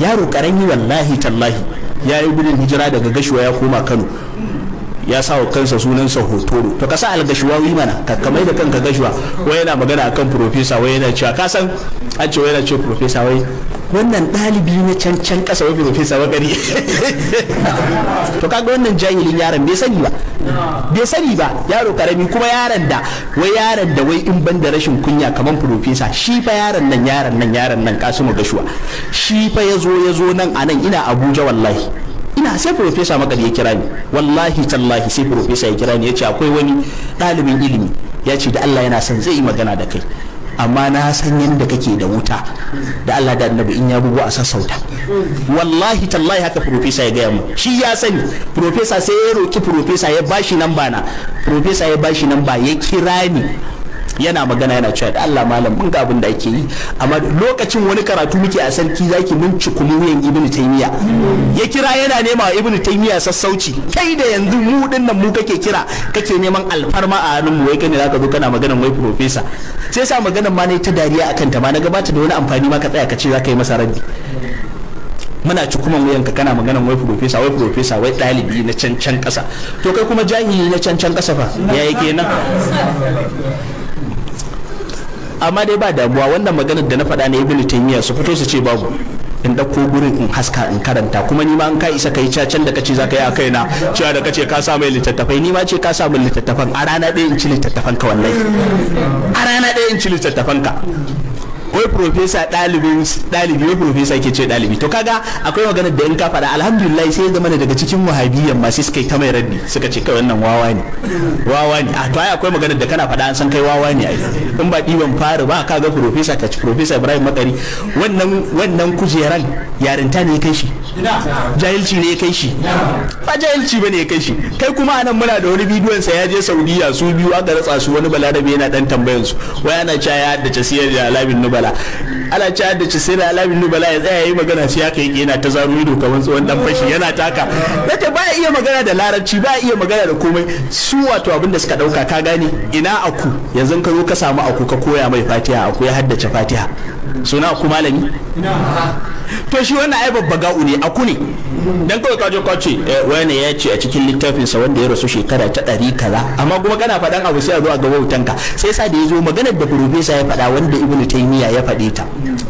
yaro karami wallahi tallahi ya yi gudun hijira daga gashuwa ya koma kano ya sa wa kansa sunansa hotoro to ka sa wi mana ka kamai da kanka gashuwa wai yana magana akan profesa wai yana cewa ka san an ce wai yana cewa profesa wai wannan ɗalibi na can can ƙasa wai profesa gari to kaga wannan jahilin yaron bai sani ba bai sani ba yaro karami kuma yaron da wai yaron da wai in ban da rashin kunya kamar profesa shi fa yaron nan yaron nan yaron nan kasimu gashuwa shi fa ya zo nan a nan ina abuja wallahi ina sai profesa makali ya kira ni wallahi tallahi sai profesa ya kira ni ya ce akwai wani ɗalibin ilimi ya ce da allah yana son zai yi magana da kai amma na san yadda kake da wuta da Allah da annabi in ya bugu a sassauta wallahi tallahi haka profesa ya gaya mu shi ya sani profesa sai ya roki profesa ya bashi nan na profesa ya bashi nan ba ya kira ni yana magana yana cewa da Allah malam mun ga abin da ake yi amma lokacin wani karatu muke a sarki zaki mun cikuli wuyan ibnu taymiya ya kira yana nema wa ibnu taymiya sassauci kai da yanzu mu din nan mu kake kira kake neman alfarma a hannun mu wai kai ne zaka zo kana magana wai professor sai sa magana ma ne ta dariya akan ta ma na gabata da wani amfani ma ka tsaya ka ce zaka yi masa rabi muna ci kuma wuyan ka kana magana wai profesa wai profesa wai ɗalibi na can can ƙasa to kai kuma jahili na can can ƙasa fa ya yake nan amma dai ba damuwa wannan maganar da na faɗa na ibnu taymiya su fito su ce babu in ɗauko gurin in haska in karanta kuma ni ma an ka isa kai cacen da kace zaka yi a kaina cewa da kace ka sa mai littattafai ni ma ce ka sa min littattafan a rana ɗaya in ci littattafan ka wallahi a rana ɗaya in ci littattafan ka wai profesa ɗalibin ɗalibi wai profesa ke ce ɗalibi to kaga akwai maganar da in ka faɗa alhamdulillah sai zama daga cikin wahabiyyan ma sai suka yi ta mai raddi suka ce kai wannan wawa ne wawa ne a to ai akwai maganar da kana faɗa an san kai wawa ne ai in ba ɗiban fara ba kaga profesa ka ci profesa Ibrahim Makari wannan wannan kujeran yarinta ne kai shi jahilci ne ya kai shi ba jahilci ba ne ya kai shi kai kuma anan muna da wani bidiyon sa ya je saudiya su biyu aka ratsa su wani balarabe yana dan tambayan su wai ana cewa ya haddace siyar da alamin nubala ana cewa haddace siyar da alamin nubala ya tsaya yi magana sai aka yi yana ta zaro ido kamar tsohon dan fashi yana taka nake ba iya magana da larabci ba iya magana da komai su wato abin da suka dauka ka gane ina aku yanzu ka zo ka samu aku ka koya mai fatiha aku ya haddace fatiha suna ku malami to shi wannan ai babba ga'u ne aku ne dan kawai ka je ka ce eh, wani ya ce a cikin littafinsa wanda ya rasu shekara ta ɗari kaza amma kuma kana faɗan abu sai a zo a gaba wutanka sai sa da ya zo maganar da profesa ya faɗa wanda ibnu taymiya ya faɗe ta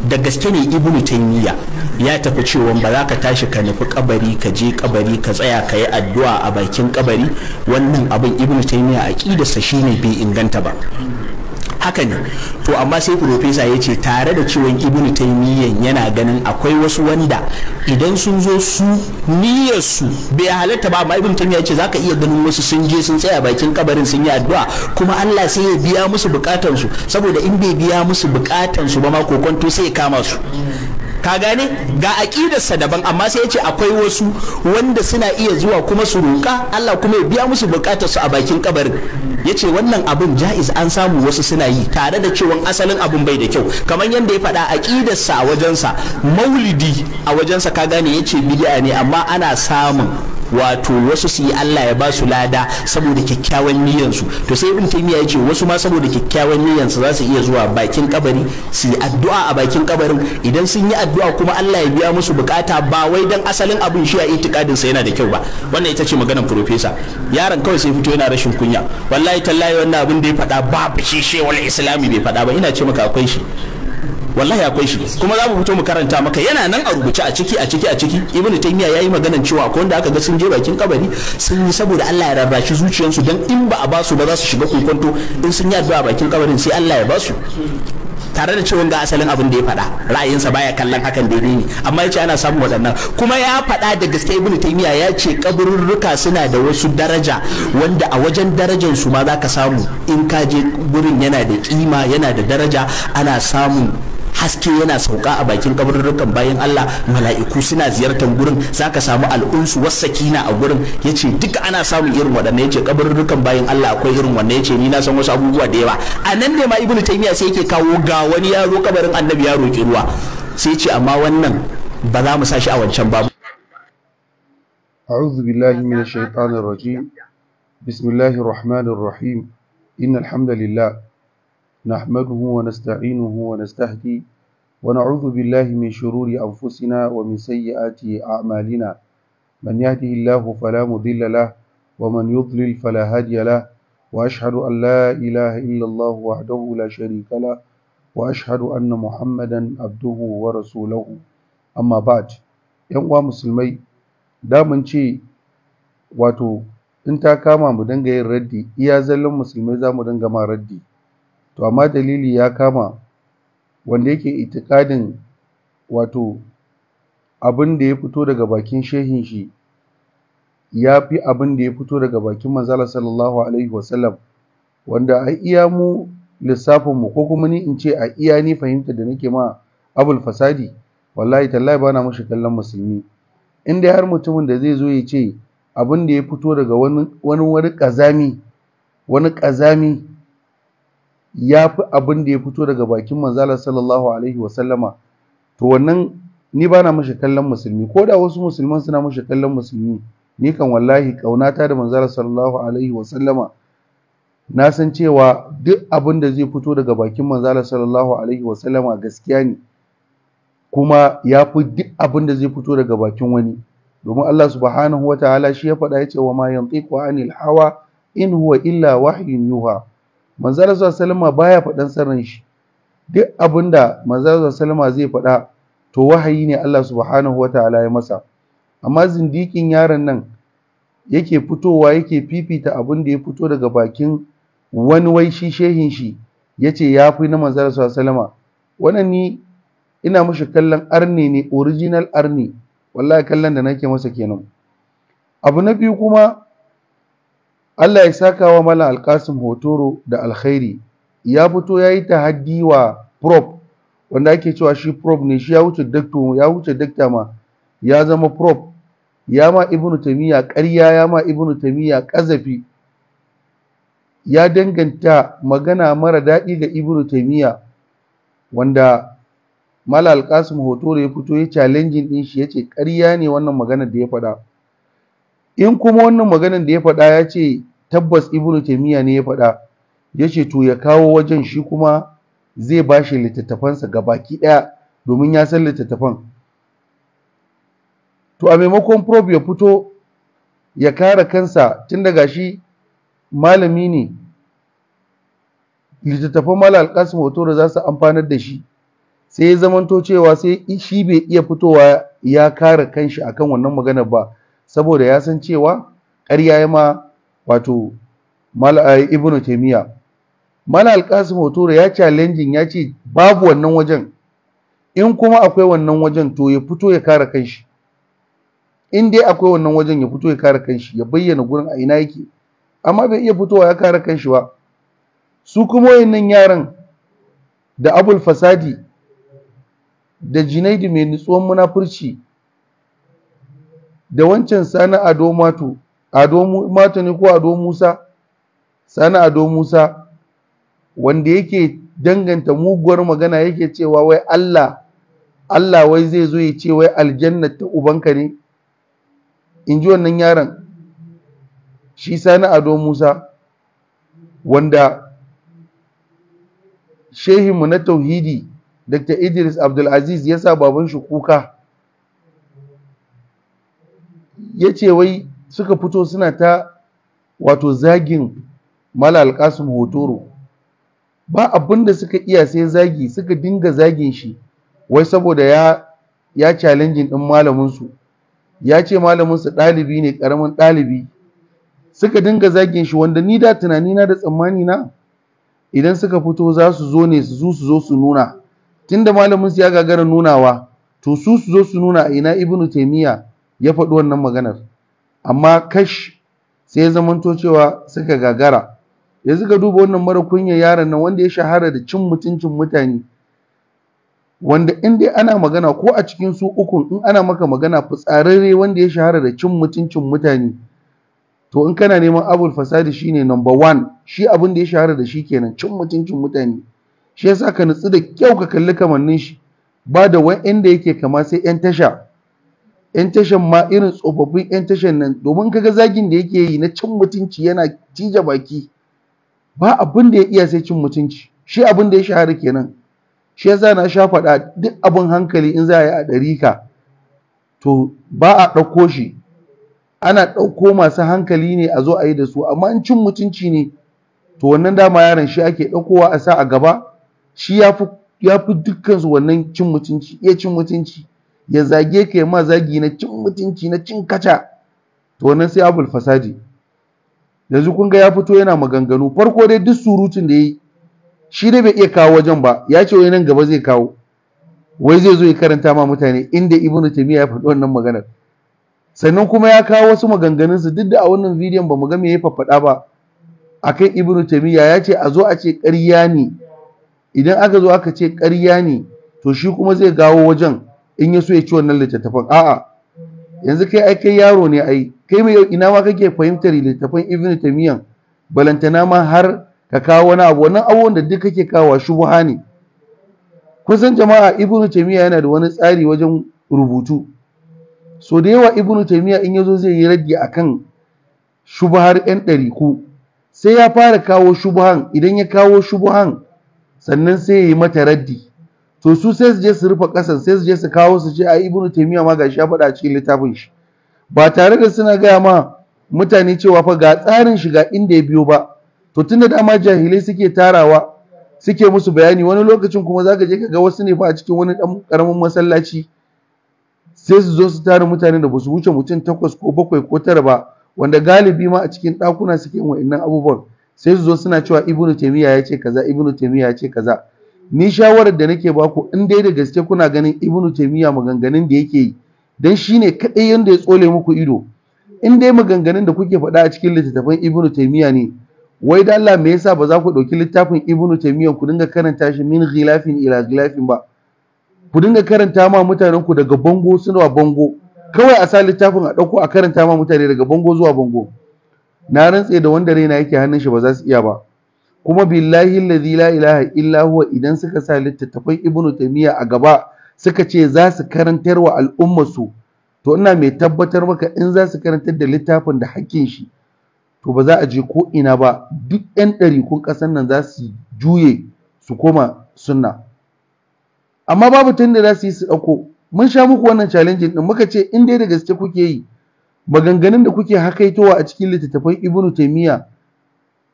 da gaske ne ibnu taymiya ya tafi cewa ba za ka tashi ka nufi kabari ka je kabari ka tsaya ka yi addu'a a bakin kabari wannan abin ibnu taymiya sa shine bai inganta ba haka ne to amma sai profesa ya ce tare da ciwon ibn taimiyyan yana ganin akwai wasu wanda idan sun zo su niyyar su bai halatta ba amma ibn ya ce zaka iya ganin wasu sun je sun tsaya bakin kabarin sun yi addu'a kuma Allah sai ya biya musu bukatansu saboda in bai biya musu bukatansu ba ma kokonto sai ya kama su ka gane ga aƙidarsa daban amma sai ya ce akwai wasu wanda suna iya zuwa kuma su roƙa Allah kuma ya biya musu buƙatarsu a bakin kabarin ya ce wannan abin ja'iz an samu wasu suna yi tare da cewa asalin abin bai da kyau kamar yadda ya faɗa aƙidarsa a wajensa maulidi a wajensa ka gane ya ce bid'a ne amma ana samun wato wasu su yi Allah ya ba su lada saboda kyakkyawan niyyansu to sai ibn taymiya yace wasu ma saboda kyakkyawan niyyansu za su iya zuwa bakin kabari su yi addu'a a bakin kabarin idan sun yi addu'a kuma Allah ya biya musu bukata ba wai dan asalin abin shi a itikadin sa yana da kyau ba wannan ita ce maganar professor yaron kawai sai fito yana rashin kunya wallahi tallahi wannan abin da ya faɗa ba shi shewal islami bai faɗa ba ina ce maka akwai shi wallahi akwai shi kuma za mu fito mu karanta maka yana nan a rubuce a ciki a ciki a ciki ibnu taymiya yayi maganan cewa akwai wanda aka ga sun je bakin kabari sun yi saboda Allah ya rarrashi zuciyarsu dan in ba a ba su ba za su shiga kokonto in sun yi addu'a bakin kabarin sai Allah ya ba su. tare da cewa ga asalin abin da ya fada ra'ayinsa baya kallon hakan daidai ne amma yace ana samu waɗannan kuma ya faɗa da gaske ibnu taymiya ya ce kaburruka suna da wasu daraja wanda a wajen darajar su ma zaka samu in ka je gurin yana da kima yana da daraja ana samun haske yana sauka a bakin kaburin bayan Allah mala'iku suna ziyartar gurin zaka samu al'unsu wasakina a gurin yace duk ana samun irin ya yace kaburin bayan Allah akwai irin wannan yace ni na san wasu abubuwa da yawa a nan ne ma ibnu taymiya sai yake kawo ga wani yaro kabarin annabi ya roki ruwa sai ce amma wannan ba za mu sashi a wancan ba. أعوذ بالله من الشيطان الرجيم بسم الله الرحمن الرحيم نحمده ونستعينه ونستهديه ونعوذ بالله من شرور أنفسنا ومن سيئات أعمالنا من يهده الله فلا مضل له ومن يضلل فلا هادي له وأشهد أن لا إله إلا الله وحده لا شريك له وأشهد أن محمدا عبده ورسوله أما بعد uwa musulmai damun ce wato in ta kama mu dinga yin raddi iya zallan musulmai za mu dinga ma raddi to amma dalili ya kama wanda yake itikadin wato abin da ya fito daga bakin shehin shi ya fi abin da ya fito daga bakin manzala sallallahu alaihi wasallam wanda a iya mu lissafin mu ko kuma ni in ce a iya ni fahimta da nake ma abul fasadi wallahi tallahi ba na mashi kallon musulmi in dai har mutumin da zai zo ya ce abin da ya fito daga wani wani wani kazami wani kazami ya fi abin da ya fito daga bakin manzala sallallahu alaihi wasallama to wannan ni ba na mashi kallon musulmi ko da wasu musulman suna mashi kallon musulmi ni kan wallahi kaunata da manzala sallallahu alaihi wasallama na san cewa duk abin da zai fito daga bakin manzala sallallahu alaihi wasallama gaskiya ne kuma ya fi duk abin da zai fito daga bakin wani domin Allah subhanahu wa ta'ala shi ya faɗa ya ce wa ma yantiqu anil hawa in huwa illa wahyun yuha manzala zuwa salama baya faɗan sarran shi duk abin da manzala zuwa salama zai faɗa to wahayi ne Allah subhanahu wataala ya masa amma zindikin yaron nan yake fitowa yake fifita abin da ya fito daga bakin wani wai shi shehin shi yace ya fi na manzala zuwa salama wannan ni ina mashi kallon arne ne original arne wallahi kallon da nake masa kenan abu na biyu kuma Allah ya saka wa Malam Alkasim Hotoro da alkhairi ya fito ya yi tahaddi wa prop wanda ake cewa shi prop ne shi ya wuce dakto ya wuce dakta ma ya zama prop ya ma Ibn tamiya ƙarya ya ma Ibn tamiya ƙazafi ya danganta magana mara daɗi ga Ibn tamiya wanda Malam Alkasim Hotoro ya fito ya challenging din shi yace ƙarya ne wannan magana da ya faɗa in kuma wannan maganar da ya faɗa ya ce tabbas ibnu taymiya ne ya faɗa ya ce to ya kawo wajen shi kuma zai bashi ga baki ɗaya domin ya san littattafan to a maimakon probe ya fito ya kare kansa tun daga shi malami ne littattafan malam alƙasim hoto da za su amfanar da shi sai ya zamanto cewa sai shi bai iya fitowa ya kare kanshi akan wannan maganar ba saboda ya san cewa ƙarya ya ma wato eh, ibnu taimiya mala alkasim hotura ya challenge ya ce babu wannan wajen in kuma akwai wannan wajen to ya fito ya kare kanshi in dai akwai wannan wajen ya fito ya kare kanshi ya bayyana gurin a ina yake amma bai iya fitowa ya kare kanshi ba su kuma wayannan yaran da abul fasadi da jinaidi mai nutsuwan munafurci da wancan sana'a domato ado mata ne ko ado musa sani ado musa wanda yake danganta muguwar magana yake cewa wai allah allah wai zai zo ya ce wai aljannat ta ubanka ne in ji wannan yaron shi sani ado musa wanda shehinmu na tauhidi dr idris abdulaziz ya sa baban shi kuka ya ce wai suka fito suna ta wato zagin mala alkasim hotoro ba abin da suka iya sai zagi suka dinga zagin shi wai saboda ya ya challenging din malaminsu ya ce malaminsu ɗalibi ne ƙaramin ɗalibi suka dinga zagin shi wanda ni da tunani na da tsammani na idan suka fito za su zo ne su su zo su nuna tunda malaminsu ya gagara nunawa to su su zo su nuna a ina ibnu taymiya ya faɗi wannan maganar amma kash sai zamanto cewa suka gagara ya zika duba wannan mara kunya yaron nan wanda ya shahara da cin mutuncin mutane wanda in ana magana ko a cikin su uku in ana maka magana fitsararre wanda ya shahara da cin mutuncin mutane to in kana neman abul fasadi shine number one shi abin da ya shahara da shi kenan cin mutuncin mutane shi yasa ka nutsu da kyau ka kalli kamannin shi ba da wa'anda yake kama sai 'yan tasha 'yan tashan ma irin tsofaffin 'yan tashan nan domin kaga zagin da yake yi na cin mutunci yana jija baki ba abin da ya iya sai cin mutunci shi abin da ya shahara kenan shi yasa na sha faɗa duk abin hankali in za a yi a ɗarika to ba a ɗauko shi ana ɗauko masu hankali ne a zo a yi da su amma in cin mutunci ne to wannan dama yaron shi ake ɗaukowa a sa a gaba shi ya fi dukkansu wannan cin mutunci iya cin mutunci ya zage ka ya ma zagi na cin mutunci na cin kaca to wannan sai abul fasadi yanzu kun ga ya fito yana maganganu farko dai duk surutun da yi shi dai bai iya kawo wajen ba ya ce wai nan gaba zai kawo wai zai zo ya karanta ma mutane inda ibnu taymiya ya faɗi wannan maganar sannan kuma ya kawo wasu maganganunsu duk da a wannan bidiyon ba mu ga me ya faffada ba akan ibnu taymiya ya ce a zo a ce ƙarya ne idan aka zo aka ce ƙarya ne to shi kuma zai gawo wajen in ya so ya ci wannan littattafan a'a yanzu kai ai kai yaro ne ai kai mai ina ma kake fahimtar littattafan ibnu tamiyan balantana ma har ka kawo wani abu wannan abubuwan da duk kake kawo shubha ne kusan jama'a ibnu tamiya yana da wani tsari wajen rubutu so da yawa ibnu tamiya in ya yazo zai yi raddi akan shubhar yan ku. sai ya fara kawo shubhan idan ya kawo shubhan sannan sai ya yi mata raddi to su sai su je su rufe kasan sai su je su kawo su ce a ibnu taymiya ma gashi ya faɗa cikin littafin shi ba tare da suna gaya ma mutane cewa fa ga tsarin shiga inda ya biyo ba to tunda dama jahilai suke tarawa suke musu bayani wani lokacin kuma zaka je ka ga wasu ne fa a cikin wani dan karamin masallaci sai su zo su tara mutane da ba su wuce mutum takwas ko bakwai ko tara ba wanda galibi ma a cikin ɗakuna suke yin wa'annan abubuwan sai su zo suna cewa ibnu taymiya ya ce kaza ibnu taymiya ya ce kaza ni shawarar da nake baku in dai da gaske kuna ganin ibnu taimiyya maganganun da yake yi dan shine kaɗai yanda ya tsole muku ido in dai maganganun da kuke faɗa a cikin littattafan ibnu taimiyya ne wai da Allah me yasa ba za ku ɗauki littafin ibnu taimiyya ku dinga karanta shi min ghilafin ila ghilafin ba ku dinga karanta ma mutanen ku daga bango suna bango kawai a sa littafin a ɗauko a karanta ma mutane daga bango zuwa bango na rantse da wanda raina yake hannun shi ba za su iya ba kuma billahi alladhi la ilaha illa huwa idan suka sa littattafai ibnu taymiya a gaba suka ce za su karantar wa al'ummar su to ina mai tabbatar maka in za su karantar da littafin da hakkin shi to ba za a je ko ina ba duk yan kun ƙasar nan za su juye su koma sunna amma babu tun da za su yi su ɗauko mun sha muku wannan challenging din muka ce in dai da gaske kuke yi maganganun da kuke hakaitowa a cikin littattafan ibnu taymiya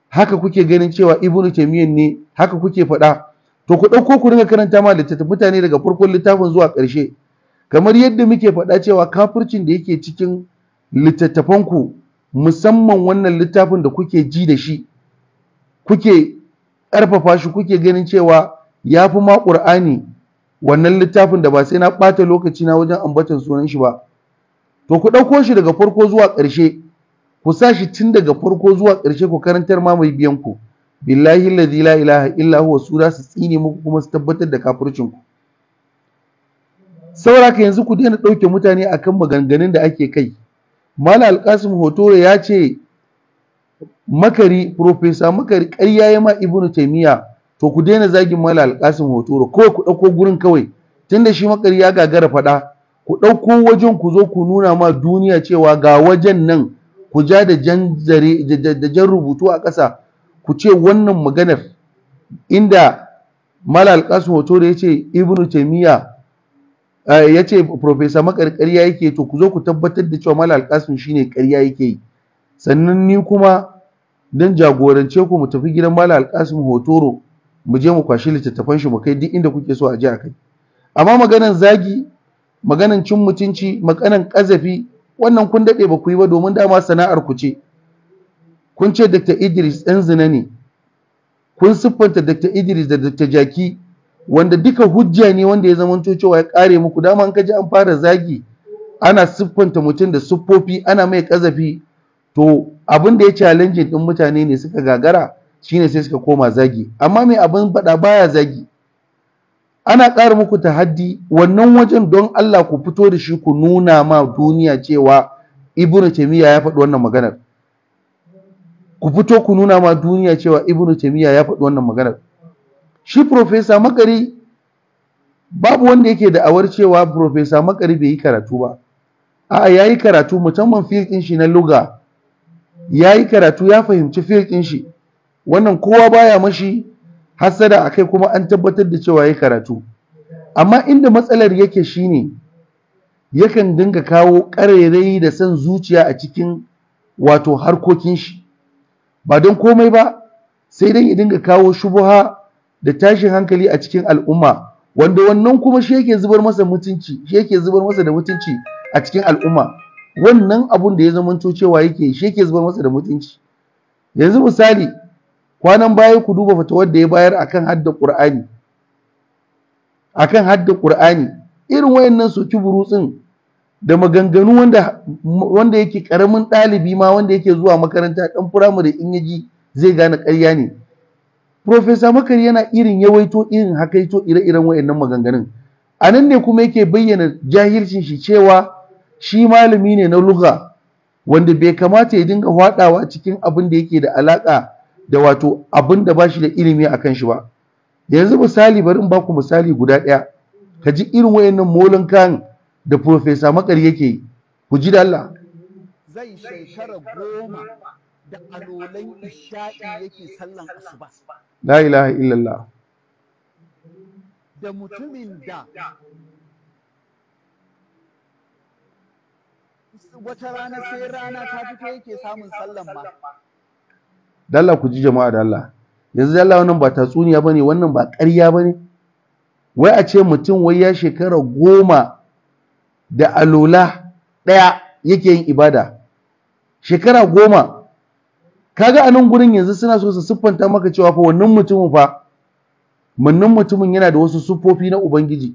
haka kuke ganin cewa ibnu taymiyyah ne haka kuke faɗa to ku ɗauko ku dinga karanta ma littattafan mutane daga farkon littafin zuwa ƙarshe kamar yadda muke faɗa cewa kafircin da yake cikin littattafan ku musamman wannan littafin da kuke ji da shi kuke ƙarfafa shi kuke ganin cewa ya fi ma ƙur'ani wannan littafin da ba sai na ɓata lokaci na wajen ambaton sunan shi ba to ku ɗauko shi daga farko zuwa ƙarshe ku sa shi tun daga farko zuwa ƙarshe ku karantar ma mai biyan ku billahi allazi la ilaha illa huwa su za su tsine muku kuma su tabbatar da kafircin ku Saura ka yanzu ku daina ɗauke mutane akan maganganun da ake kai mala alkasim hotore ya ce makari profesa makari ƙarya ya ma ibnu taymiya to ku daina zagin mala alkasim hotore ko ku ɗauko gurin kawai tunda shi makari ya gagara faɗa ku ɗauko wajen ku zo ku nuna ma duniya cewa ga wajen nan ku ja da jan zare da jan rubutu a ƙasa ku ce wannan maganar inda malal kasu hoto da ya ce ibnu taimiyya eh, ya ce profesa ya yake to ku zo ku tabbatar da cewa malal kasu shine ƙarya yake yi sannan ni kuma don jagorance ku mu tafi gidan malal kasu hotoro mu je mu kwashi littattafan shi mu kai duk inda kuke so a je a kai amma maganan zagi maganan cin mutunci maganan ƙazafi wannan kun daɗe ba ku yi ba domin dama sana'ar ku ce kun ce Dr. Idris ɗan zina ne kun siffanta Dr. Idris da Dr. Jaki wanda duka hujja ne wanda ya zama cewa ya kare muku dama an kaji an fara zagi ana siffanta mutum da siffofi ana mai ƙazafi. to abin da ya challenge din mutane ne suka gagara shine sai suka koma zagi amma mai abin baɗa baya zagi ana ƙara muku tahaddi wannan wajen don Allah ku fito da shi ku nuna ma duniya cewa ibnu Taymiyyah ya faɗi wannan maganar ku fito ku nuna ma duniya cewa ibnu Taymiyyah ya faɗi wannan maganar shi profesa makari babu wanda yake da awar cewa profesa makari bai yi karatu ba a'a yayi karatu musamman fiqin shi na luga yayi karatu ya fahimci fiqin shi wannan kowa baya mashi hassada kai kuma an tabbatar da cewa ya karatu amma inda matsalar yake shine yakan dinga kawo ƙarairayi da san zuciya a cikin wato harkokin shi ba don komai ba sai dai ya dinga kawo shubuha da tashin hankali a cikin al'umma wanda wannan kuma shi yake zubar masa mutunci shi yake zubar masa da mutunci a cikin al'umma wannan abun da ya zamanto cewa yake shi yake zubar masa da mutunci yanzu misali kwanan baya ku duba fatawar da ya bayar akan hadda qur'ani akan hadda qur'ani irin wayannan soki burutsin da maganganu wanda wanda yake karamin ɗalibi ma wanda yake zuwa makaranta ɗan firamare in yaji zai gane ƙarya ne Profesa Makari yana irin yawaito irin hakaito ire-iren wayannan maganganun Anan ne kuma yake bayyana jahilcin shi cewa shi malami ne na lugha wanda bai kamata ya dinga hwadawa cikin abin da yake da alaka da wato abin da ba shi da ilimi a kan shi ba yanzu misali bari in baku misali guda ɗaya ka ji irin wayannan molin kan da profesa makar yake ku ji da Allah zai shekara goma da alolan isha'i yake sallan asuba la ilaha illallah da mutumin da wata rana sai rana ta fito yake samun sallan ma dalla ku ji jama'a da Allah yanzu Allah wannan ba tatsuniya bane wannan ba ƙarya bane wai a ce mutum wai ya shekara goma da alola ɗaya yake yin ibada shekara goma kaga a nan gurin yanzu suna so su siffanta maka cewa fa wannan mutumin fa wannan mutumin yana da wasu siffofi na ubangiji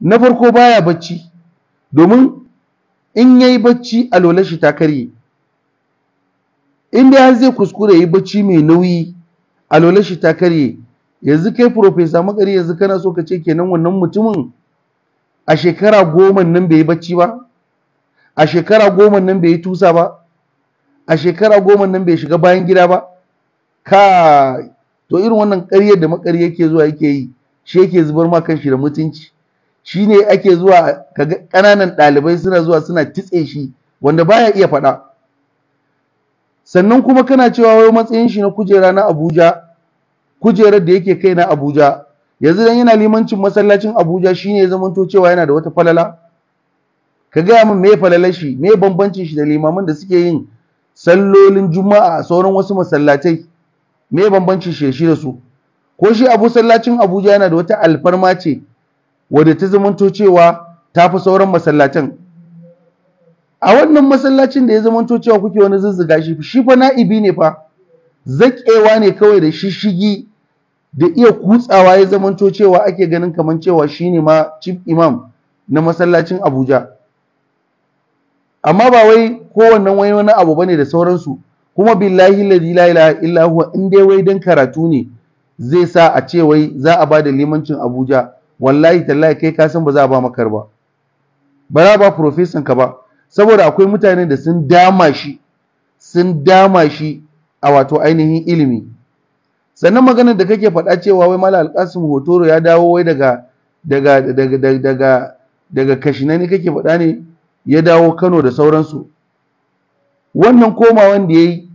na farko baya bacci domin in yayi bacci alolashi shi ta karye in dai har zai kuskure yi bacci mai nauyi lola shi ta karye yanzu kai profesa makari yanzu kana so ka ce kenan wannan mutumin a shekara goma nan bai yi bacci ba a shekara goma nan bai yi tusa ba a shekara goma nan bai shiga bayan gida ba ka to irin wannan ƙaryar da makari yake zuwa yake yi shi yake zubar ma shi da mutunci shine ake zuwa kaga ƙananan ɗalibai suna zuwa suna titse shi wanda baya iya faɗa sannan kuma kana cewa wai matsayin shi na kujera na Abuja kujerar da yake kai na Abuja yanzu dan yana limancin masallacin Abuja shine ya zamanto cewa yana da wata falala ka gaya min me falalar shi me bambancin shi da limamin da suke yin sallolin juma'a a sauran wasu masallatai me bambancin shi shi da su ko shi abu sallacin Abuja yana da wata alfarma ce wadda ta zamanto cewa tafi sauran masallatan a wannan masallacin da ya zama cewa kuke wani zuzzuga shi shi fa na'ibi ne fa zaƙewa ne kawai da shishigi da iya kutsawa ya zamanto cewa ake ganin kamar cewa shine ma chief imam na masallacin Abuja amma ba wai kowannen wani wani abu bane da sauransu kuma billahi la ilaha illa huwa in dai wai dan karatu ne zai sa a ce wai za a bada limancin Abuja wallahi tallahi kai ka san ba za a ba makar ba ba za ba profesan ka ba saboda akwai mutane da sun dama shi sun dama shi a wato ainihin ilimi sannan maganar da kake faɗa cewa wai mala alƙasim hotoro ya dawo wai daga daga daga daga daga kashinani kake faɗa ne ya dawo kano da sauransu wannan komawan da ya yi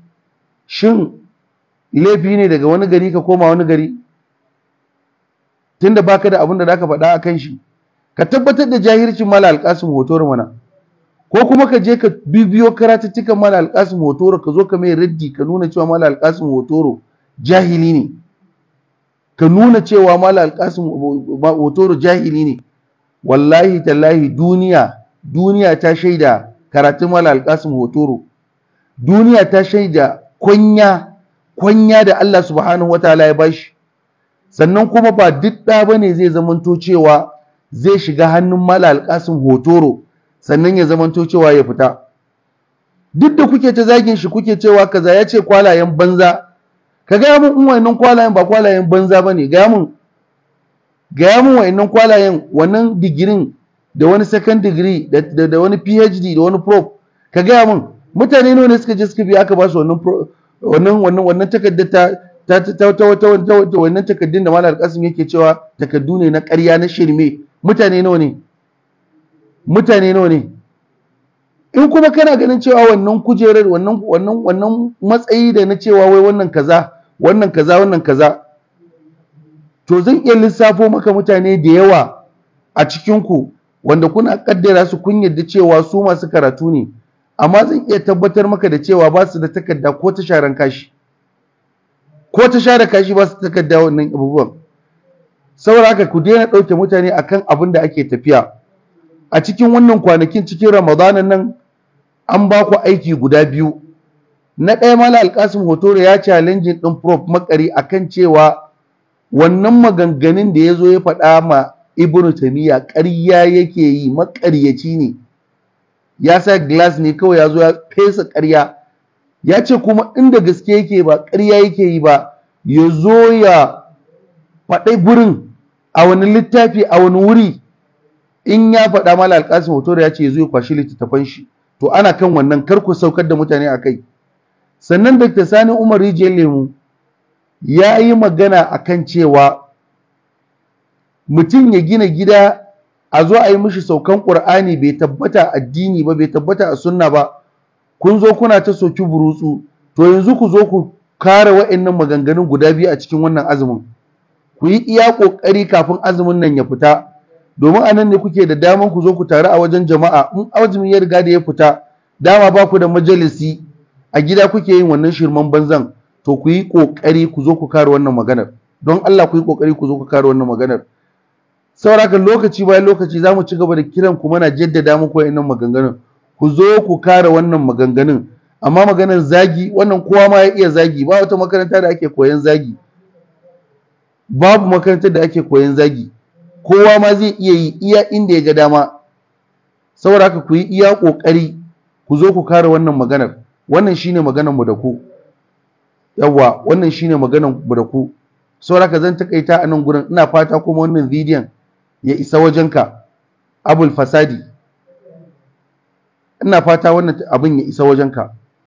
shin laifi ne daga wani gari ka koma wani gari tunda baka da abin da zaka faɗa a kan shi ka tabbatar da jahircin mala alƙasim hotoro mana ko kuma ka je ka bibiyo karatuttukan mala alƙasim hotoro ka zo ka mai raddi ka nuna cewa mala alƙasim hotoro jahili ne ka nuna cewa mala alƙasim hotoro jahili ne wallahi tallahi duniya duniya ta shaida karatun mala alƙasim hotoro duniya ta shaida kunya kwanya da Allah subhanahu wataala ya bashi sannan kuma ba duk da bane zai zamanto cewa zai shiga hannun mala alƙasim hotoro sannan ya zamanto cewa ya fita duk da kuke ta zagin shi kuke cewa kaza ya ce kwalayen banza ka gaya mun in wa'annan kwalayen ba kwalayen banza ba ne gaya mun gaya mun wa'annan kwalayen wannan digirin da wani second degree da, wani phd da wani prof ka gaya mun mutane nawa ne suka je suka biya aka ba su wannan wannan wannan wannan takardar ta ta ta ta ta wannan takaddun da malam alkasim yake cewa takardu ne na ƙarya na shirme mutane nawa ne mutane nawa ne in kuma kana ganin cewa wannan kujerar wannan wannan wannan matsayi da na cewa wai wannan kaza wannan kaza wannan kaza to zan iya lissafo maka mutane da yawa a cikin ku wanda kuna kaddara su kun yarda cewa su masu karatu ne amma zan iya tabbatar maka da cewa ba su da takarda ko ta sharan kashi ko ta share kashi ba su takarda wannan abubuwan saboda haka ku daina ɗauke mutane akan abin da ake tafiya a cikin wannan kwanakin cikin Ramadana nan an ba ku aiki guda biyu na ɗaya mala alkasim hotore ya challenge ɗin prof makari akan cewa wannan maganganun da ya zo ya faɗa ma ibnu tamiya ƙarya yake yi maƙaryaci ne ya sa glass ne kawai ya zo ya fesa ƙarya ya ce kuma inda gaske yake ba ƙarya yake yi ba ya zo ya faɗai gurin a wani littafi a wani wuri in ya faɗa mala alƙasim hoto da ya ce zai kwashi littattafan shi to ana kan wannan kar ku saukar da mutane a kai sannan dr sani umar rijiyar lemu ya yi magana a kan cewa mutum ya gina gida a zo a yi mishi saukan ƙur'ani bai tabbata addini ba bai tabbata a sunna ba kun zo kuna ta soki burutsu to yanzu ku zo ku kare wa'annan maganganun guda biyu a cikin wannan azumin ku yi iya ƙoƙari kafin azumin nan ya fita domin a nan ne kuke da daman ku zo ku taru a wajen jama'a in azumin ya riga da ya fita dama ba ku da majalisi a gida kuke yin wannan shirman banzan to ku yi ƙoƙari ku zo ku kare wannan maganar don Allah ku yi ƙoƙari ku zo ku kare wannan maganar sauraka lokaci bayan lokaci za mu ci gaba da kiran ku mana jaddada muku wannan maganganun ku zo ku kare wannan maganganun amma maganar zagi wannan kowa ma ya iya zagi ba wata makaranta da ake koyan zagi babu makarantar da ake koyan zagi kowa ma zai iya yi iya inda ya ga dama saboda haka ku yi iya kokari ku zo ku kare wannan maganar wannan shine maganar mu da ku yawa wannan shine maganar mu da ku saboda haka zan takaita a nan gurin ina fata kuma wannan bidiyon ya isa wajenka abul fasadi ina fata wannan abin ya isa wajenka